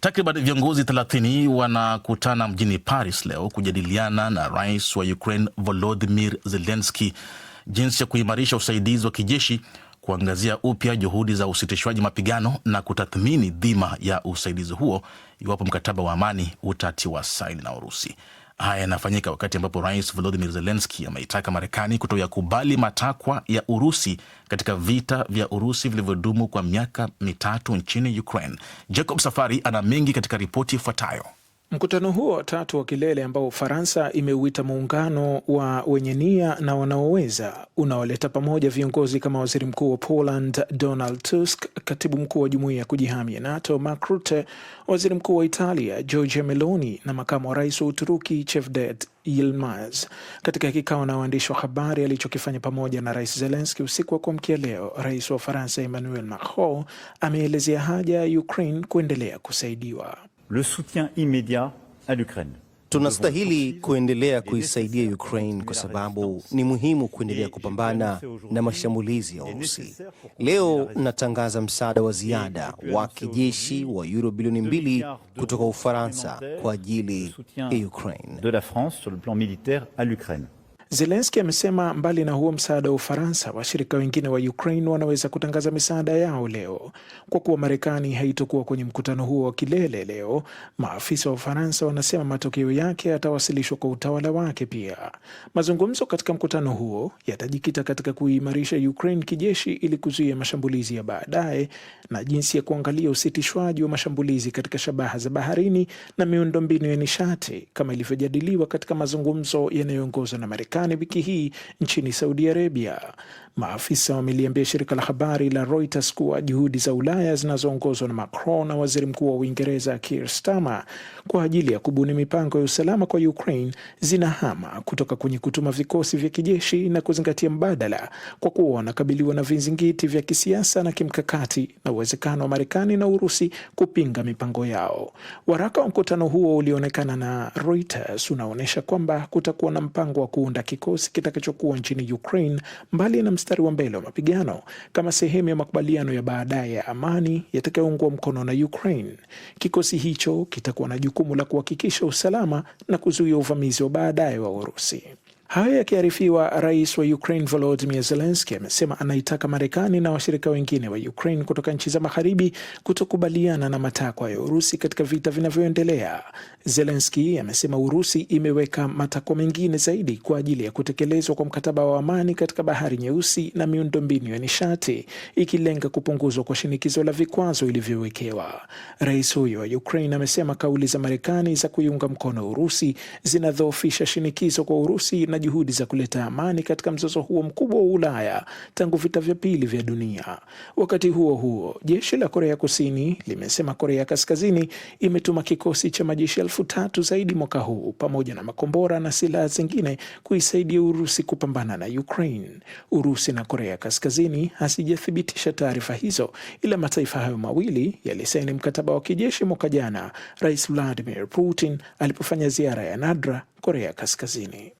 Takriban viongozi 30 wanakutana mjini Paris leo kujadiliana na rais wa Ukraine Volodymyr Zelensky jinsi ya kuimarisha usaidizi wa kijeshi, kuangazia upya juhudi za usitishwaji mapigano na kutathmini dhima ya usaidizi huo iwapo mkataba wa amani utatiwa saini na Urusi. Haya yanafanyika wakati ambapo Rais volodimir zelenski ameitaka Marekani kutoyakubali matakwa ya Urusi katika vita vya Urusi vilivyodumu kwa miaka mitatu nchini Ukraine. Jacob Safari ana mengi katika ripoti ifuatayo. Mkutano huo wa tatu wa kilele ambao Ufaransa imeuita muungano wa wenye nia na wanaoweza unaoleta pamoja viongozi kama waziri mkuu wa Poland Donald Tusk, katibu mkuu wa jumuiya ya kujihami ya NATO Mark Rutte, waziri mkuu wa Italia Giorgia Meloni na makamu wa rais wa Uturuki Cevdet Yilmaz katika kikao na waandishi wa habari alichokifanya pamoja na Rais zelenski usiku wa kuamkia leo, rais wa Ufaransa Emmanuel Macron ameelezea haja ya Ukraine kuendelea kusaidiwa. Tunastahili kuendelea kuisaidia Ukraine kwa sababu ni muhimu kuendelea kupambana na mashambulizi ya Urusi. Leo natangaza msaada wa ziada wa kijeshi wa euro bilioni mbili kutoka Ufaransa kwa ajili ya Ukraine. Zelenski amesema mbali na huo msaada wa Ufaransa, washirika wengine wa Ukraine wanaweza kutangaza misaada yao leo. Kwa kuwa Marekani haitokuwa kwenye mkutano huo wa kilele leo, maafisa wa Ufaransa wanasema matokeo yake yatawasilishwa kwa utawala wake. Pia mazungumzo katika mkutano huo yatajikita katika kuimarisha Ukraine kijeshi ili kuzuia mashambulizi ya baadaye na jinsi ya kuangalia usitishwaji wa mashambulizi katika shabaha za baharini na miundombinu ya nishati kama ilivyojadiliwa katika mazungumzo yanayoongozwa na Marekani. Marekani wiki hii nchini Saudi Arabia. Maafisa wameliambia shirika la habari la Reuters kuwa juhudi za Ulaya zinazoongozwa na Macron na waziri mkuu wa Uingereza Keir Starmer kwa ajili ya kubuni mipango ya usalama kwa Ukraine zinahama kutoka kwenye kutuma vikosi vya kijeshi na kuzingatia mbadala, kwa kuwa wanakabiliwa na vizingiti vya kisiasa na kimkakati na uwezekano wa Marekani na Urusi kupinga mipango yao. Waraka wa mkutano huo ulioonekana na Reuters unaonyesha kwamba kutakuwa na mpango wa kuunda kikosi kitakachokuwa nchini Ukraine mbali na mstari wa mbele wa mapigano kama sehemu ya makubaliano ya baadaye ya amani yatakayoungwa mkono na Ukraine. Kikosi hicho kitakuwa na jukumu la kuhakikisha usalama na kuzuia uvamizi wa baadaye wa Urusi. Hayo yakiarifiwa, rais wa Ukraine Volodymyr Zelensky amesema anaitaka Marekani na washirika wengine wa Ukraine kutoka nchi za magharibi kutokubaliana na matakwa ya Urusi katika vita vinavyoendelea. Zelensky amesema Urusi imeweka matakwa mengine zaidi kwa ajili ya kutekelezwa kwa mkataba wa amani katika Bahari Nyeusi na miundombinu ya nishati, ikilenga kupunguzwa kwa shinikizo la vikwazo ilivyowekewa. Rais huyo wa Ukraine amesema kauli za Marekani za kuiunga mkono Urusi zinadhoofisha shinikizo kwa Urusi na juhudi za kuleta amani katika mzozo huo mkubwa wa Ulaya tangu vita vya pili vya dunia. Wakati huo huo, jeshi la Korea Kusini limesema Korea Kaskazini imetuma kikosi cha majeshi elfu tatu zaidi mwaka huu pamoja na makombora na silaha zingine kuisaidia Urusi kupambana na Ukraine. Urusi na Korea Kaskazini hazijathibitisha taarifa hizo, ila mataifa hayo mawili yalisaini mkataba wa kijeshi mwaka jana, Rais Vladimir Putin alipofanya ziara ya nadra Korea Kaskazini.